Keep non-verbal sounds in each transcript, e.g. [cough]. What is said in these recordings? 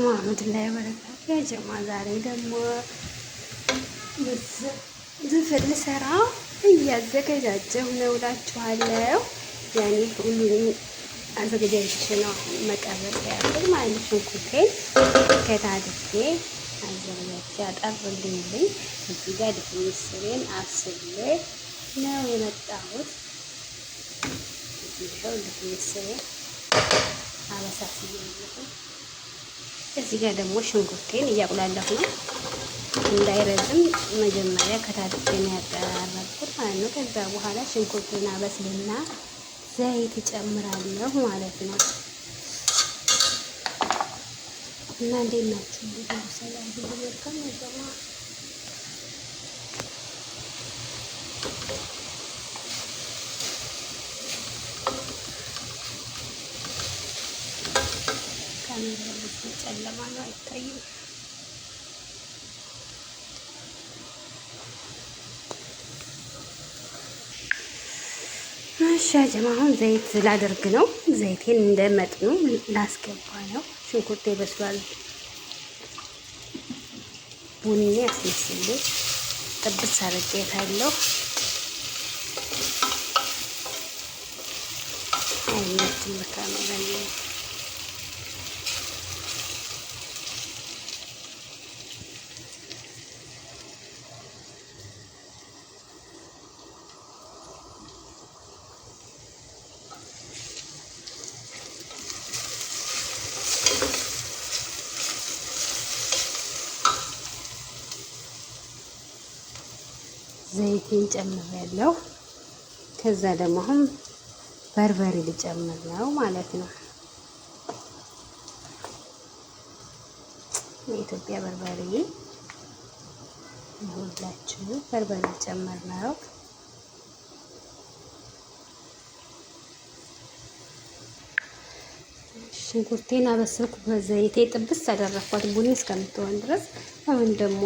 አለይኩም ወራህመቱላሂ ወበረካቱ። ያጀማ ዛሬ ደግሞ ዝፍል ሰራ እያዘገጃጀሁ ነው እላችኋለሁ። ያኔ ሁሉንም አዘገጃጅቼ ነው መቀረጥ ያለው ማለት ሽንኩርቴን ከታድጌ አዘጋጅቼ አጠርልኝልኝ። እዚህ ጋር ድፍን ምስሬን አስሌ ነው የመጣሁት። እዚህ ድፍን ምስሬን አበሳስዬ ነው እዚህ ጋር ደግሞ ሽንኩርቴን እያቁላለሁ ነው። እንዳይረዝም መጀመሪያ ከታትቼ ነው ያቀራረብኩት ማለት ነው። ከዛ በኋላ ሽንኩርቴን አበስልና ዘይት እጨምራለሁ ማለት ነው። እና እንዴት ናችሁ? ሰላም መልካም ጨለማ ነው፣ አይታይም። ሻጀማ አሁን ዘይት ላደርግ ነው። ዘይቴን እንደ መጥኑ ላስገባ ነው። ሽንኩርቴ በስሏል። ቡኒ ያስመስልኝ ጥብስ አድርጌታለሁ። አይነት ምካ ነው ሽንኩርቴን ጨምሬያለሁ። ከዛ ደግሞ አሁን በርበሬ ልጨምር ነው ማለት ነው። የኢትዮጵያ በርበሬ ይሁላችሁ። በርበሬ ልጨምር ነው። ሽንኩርቴን አበሰልኩ። በዘይቴ ጥብስ አደረኳት ቡኒ እስከምትሆን ድረስ። አሁን ደግሞ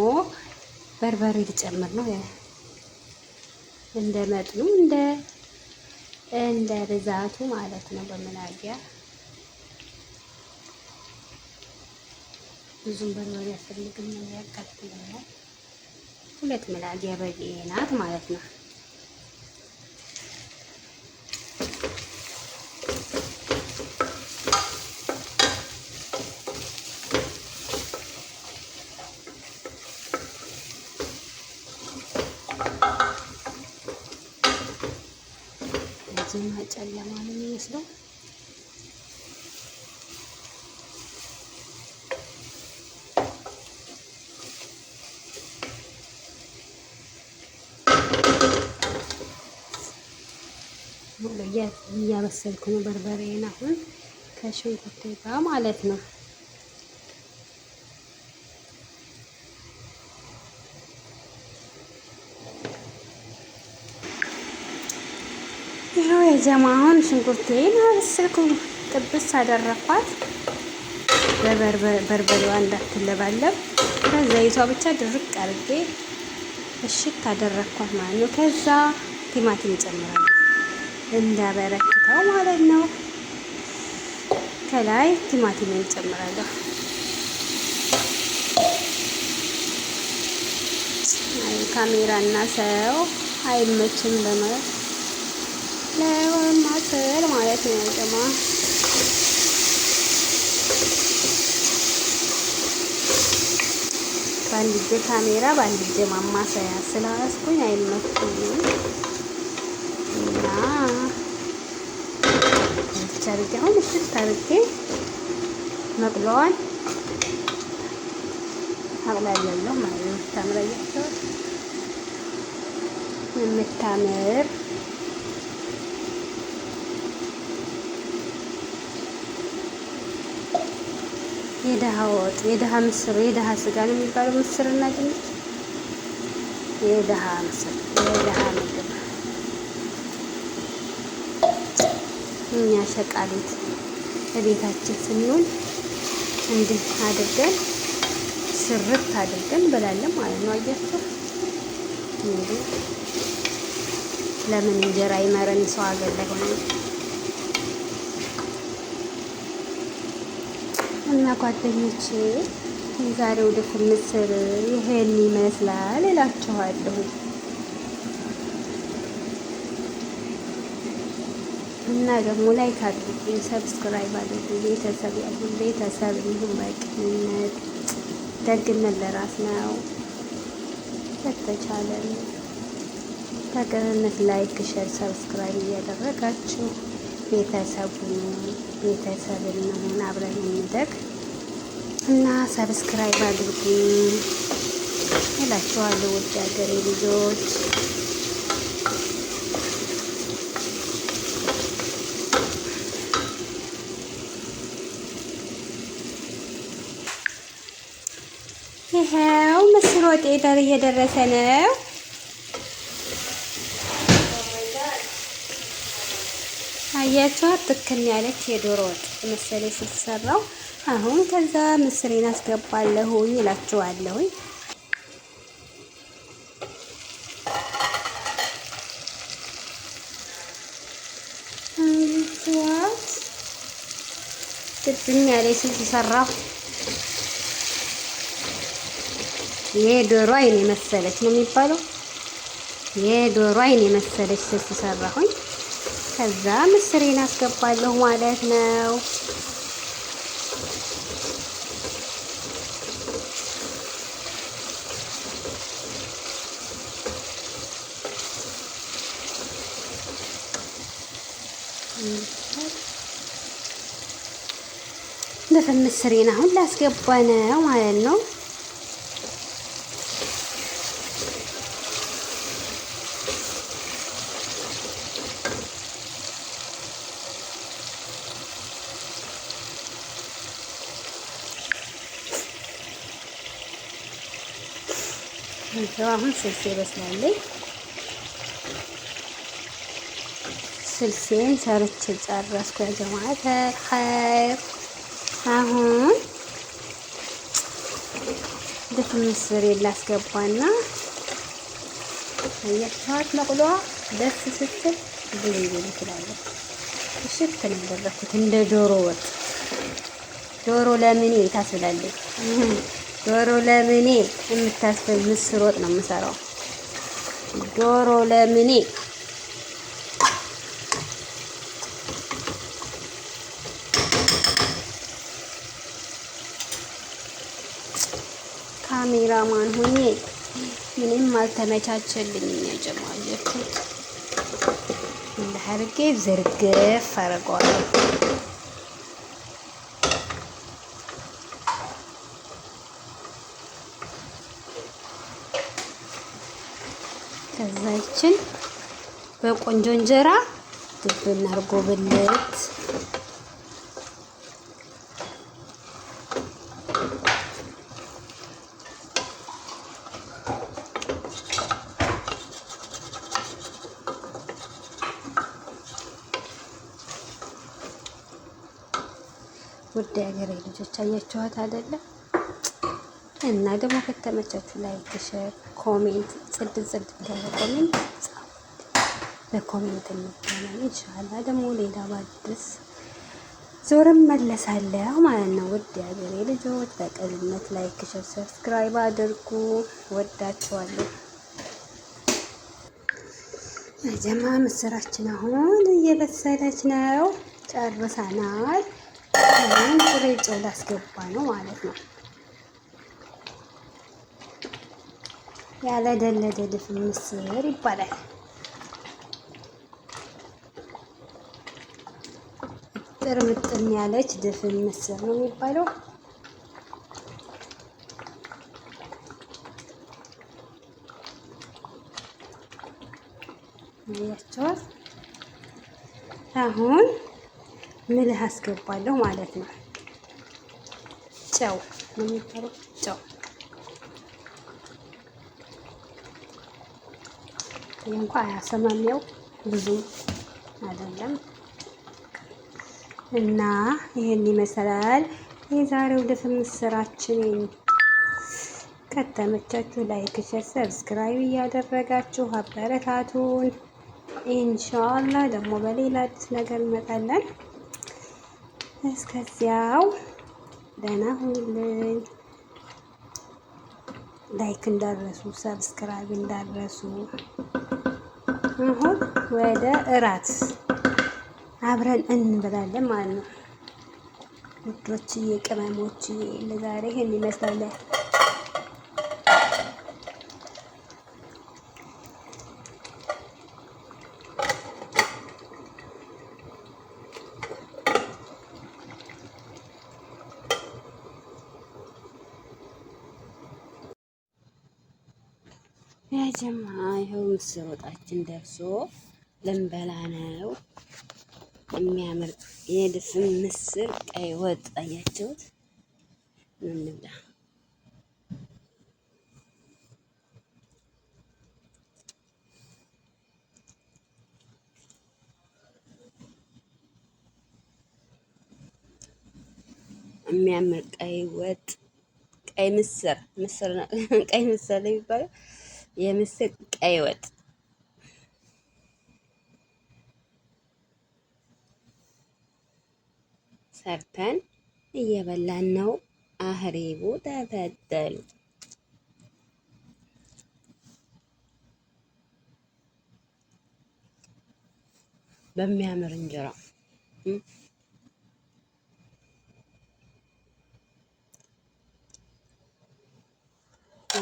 በርበሬ ልጨምር ነው። እንደ መጥኑ እንደ እንደ ብዛቱ ማለት ነው። በመላጊያ ብዙም በርበሬ ያስፈልግም ያቃጥለኛል። ሁለት መናጊያ በቂ ናት ማለት ነው። እና ጨለማ ነው የሚመስለው። እያበሰልኩ ነው በርበሬን አሁን ከሽንኩርት ጋር ማለት ነው። ጀማ አሁን ሽንኩርቴን አበስልኩ ጥብስ አደረኳት። በበርበሬዋ እንዳትለባለብ ከዘይቷ ብቻ ድርቅ አድርጌ እሽት አደረኳት ማለት ነው። ከዛ ቲማቲም ጨምራለሁ እንዳበረክተው ማለት ነው። ከላይ ቲማቲም ጨምራለሁ። ካሜራ እና ሰው አይመችም ለማለት ለማሰል ማለት ነው ጀማ በአንድ እጄ ካሜራ በአንድ እጄ ማማሰያ ስላስኩኝ አይመኩኝም እና ሰርጌ አሁን እሽት ታርጌ መቅለዋል አቅላላለሁ ማለት ነው። ታምራያቸው የምታምር የድሃ ወጥ፣ የድሃ ምስር፣ የድሃ ስጋ ነው የሚባለው። ምስር እና ድንች፣ የድሃ ምስር፣ የድሃ ምግብ። እኛ ሸቃሊት በቤታችን ስንሆን እንዲህ አድርገን ስርት አድርገን እንበላለን ማለት ነው። አያችሁ እንዴ ለምን እንጀራ ይመረን ሰው አገር ላይ ሆነ እና ጓደኞቼ የዛሬው ድፍን ምስር ይሄን ይመስላል እላችኋለሁ። እና ደግሞ ላይክ አድርጉ፣ ሰብስክራይብ አድርጉ። ቤተሰብ ያሉ ቤተሰብ እንዲሁም በቅንነት ደግነት ለራስ ነው። ከተቻለን በቅንነት ላይክ፣ ሸር፣ ሰብስክራይብ እያደረጋችሁ ቤተሰቡ ቤተሰብ እንሆን አብረን እንደግ እና ሰብስክራይብ አድርጉ እላችኋለሁ። ውጭ ሀገሬ ልጆች ይኸው ምስር ወጤ እየደረሰ ነው። አያችኋት ትክን ያለች የዶሮ ወጥ መሰለ ስትሰራው። አሁን ከዛ ምስሬን አስገባለሁኝ እላችኋለሁኝ። አያችኋት ትክን ያለች ስትሰራው የዶሮ አይን የመሰለች ነው የሚባለው። የዶሮ አይን የመሰለች ስትሰራሁኝ ከዛ ምስሬን አስገባለሁ ማለት ነው። ምስሬን አሁን ላስገባ ነው ማለት ነው። እንትን አሁን ስልሴ በስላለኝ ስልሴን ሰርቼ ጨረስኩ። ያጀማተ ኸይር አሁን ድፍን ምስር የላስገባና አያችኋት መቁሎ ደስ ስትል ብሉ ትላለች። እሽት ነበረኩት እንደ ዶሮ ወጥ ዶሮ ለምን ታስብላለች። ዶሮ ለምኔ የምታስፈል ምስር ወጥ ነው የምሰራው። ዶሮ ለምኔ ካሜራማን ሆኜ ምንም አልተመቻቸልኝም። ያጀማለኩ እንዳርጌ ዝርግፍ አደርገዋለሁ። እንጀራችን በቆንጆ እንጀራ ድብን አድርጎ ብልት ውድ የሀገሬ ልጆች አያችኋት አይደለም? እና ደግሞ ከተመቻችሁ ላይክ፣ ሼር፣ ኮሜንት ጽድ ጽድ ብለው ኮሜንት ጻፉ። በኮሜንት እንገናኝ። ኢንሻአላ ደግሞ ሌላ ባድስ ዞርም መለሳለሁ ማለት ነው። ውድ የሀገሬ ልጆች በቅንነት ላይክ፣ ሼር፣ ሰብስክራይብ አድርጉ። ወዳችኋለሁ። ጀማ ምስራችን አሁን እየበሰለች ነው። ጨርሰናል። ጥሬ ጨው ላስገባ ነው ማለት ነው። ያለደለደ ድፍን ምስር ይባላል። እጥር ምጥን ያለች ድፍን ምስር ነው የሚባለው። ያቸዋል አሁን ምልህ አስገባለሁ ማለት ነው። ጨው ነው የሚባለው ጨው እንኳ አያሰማም። ያው ብዙም አይደለም እና ይህን ይመስላል የዛሬው ድፍምስ ስራችን። ከተመቻችሁ ላይክ፣ ሼር፣ ሰብስክራይብ እያደረጋችሁ አበረታቱን። ኢንሻአላህ ደግሞ በሌላ አዲስ ነገር እንመጣለን። እስከዚያው ደህና ሁኑልኝ። ላይክ እንዳረሱ ሰብስክራይብ እንዳረሱ አሁን ወደ እራት አብረን እንበላለን ማለት ነው። ውዶችዬ፣ ቅመሞችዬ ለዛሬ ይሄን ይመስላል። የጀማ ይኸው ምስር ወጣችን ደርሶ ልንበላ ነው። የሚያምር የድፍን ምስር ቀይ ወጥ አያችሁት? እንብላ። የሚያምር ቀይ ወጥ ቀይ ምስር ምስር [laughs] ቀይ ምስር ነው የሚባለው የምስር ቀይ ወጥ ሰርተን እየበላን ነው። አህሪቡ ተፈደሉ በሚያምር እንጀራ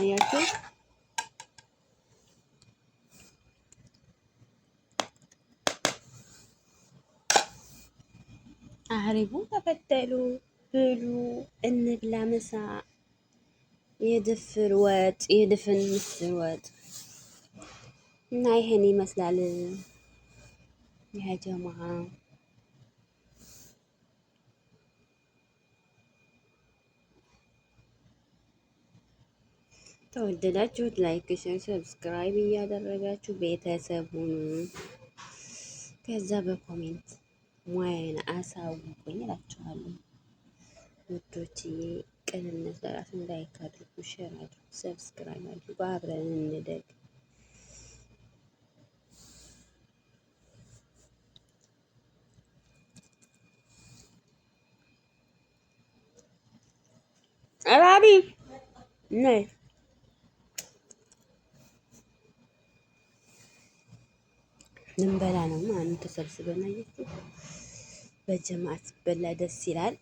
አያችሁ። يهربوا تفتلوا بلو ان بلا مساء يدفر وات يدفن مثل وات ناي هني مثل على يا جماعة ተወደዳችሁ ላይክ ሸር ሰብስክራይብ እያደረጋችሁ ቤተሰቡን ከዛ በኮሜንት ሙያዬን አሳውቁኝ እላችኋለሁ። ውዶችዬ ቅንነት ለራስን ላይክ አድርጉ፣ ሼር አድርጉ፣ ሰብስክራይብ አድርጉ። አብረን እንደግ። አባቢ ነይ ልንበላ ነው። ማን ተሰብስበን አየችው በጀማዓ ሲበላ ደስ ይላል።